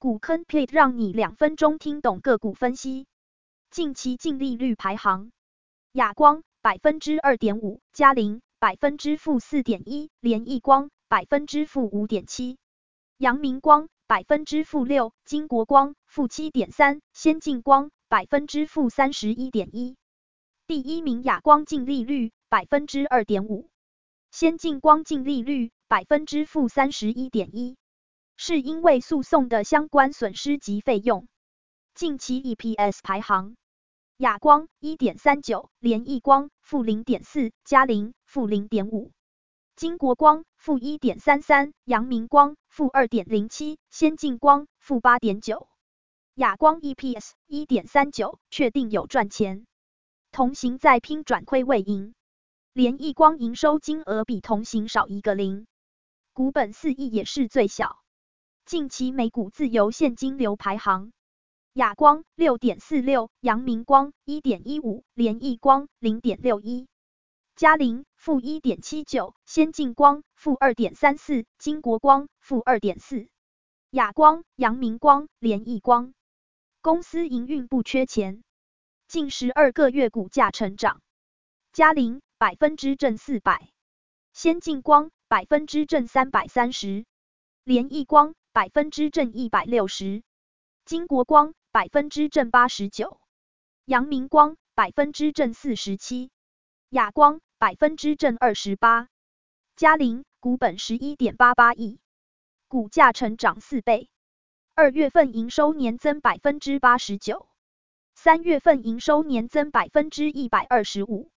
股坑 p 讓你兩分鐘聽懂個股分析。近期淨利率排行：亞光百分之二點五，佳凌百分之負四點一，聯一光百分之負五點七，揚明光百分之負六，今國光負七點三，先進光百分之負三十一點一。第一名亞光淨利率百分之二點五，先進光淨利率百分之負三十一點一。是因為訴訟的相關損失及費用。近期 EPS 排行：亞光一點三九，聯一光負零點四，佳凌負零點五，今國光負一點三三，33, 揚明光負二點零七，07, 先進光負八點九。亞光 EPS 一點三九，確定有賺錢。同行在拼轉虧為盈，聯一光營收金額比同行少一個零，股本四億也是最小。近期每股自由現金流排行：亞光六點四六，46, 揚明光一點一五，15, 聯一光零點六一，佳凌負一點七九，先進光負二點三四，今國光負二點四。亞光、揚明光、聯一光公司營運不缺錢，近十二個月股價成長：佳凌百分之正四百，先進光百分之正三百三十，聯一光。百分之正一百六十，今國光百分之正八十九，揚明光百分之正四十七，亞光百分之正二十八，佳凌股本十一點八八億，股價成長四倍，二月份營收年增百分之八十九，三月份營收年增百分之一百二十五，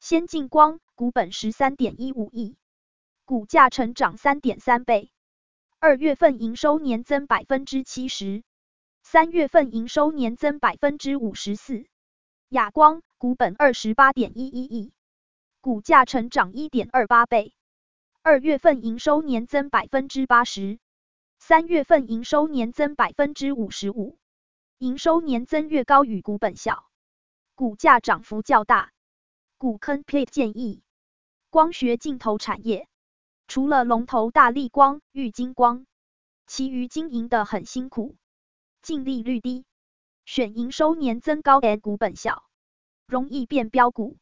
先進光股本十三點一五億，股價成長三點三倍。二月份營收年增百分之七十，三月份營收年增百分之五十四，亞光股本二十八點一一億，股價成長一點二八倍。二月份營收年增百分之八十，三月份營收年增百分之五十五，營收年增越高與股本小，股價漲幅較大。股坑 p l e t e 建議：光學鏡頭產業。除了龍頭大立光、玉晶光，其餘經營的很辛苦，淨利率低，選營收年增高、N 股本小，容易變飆股。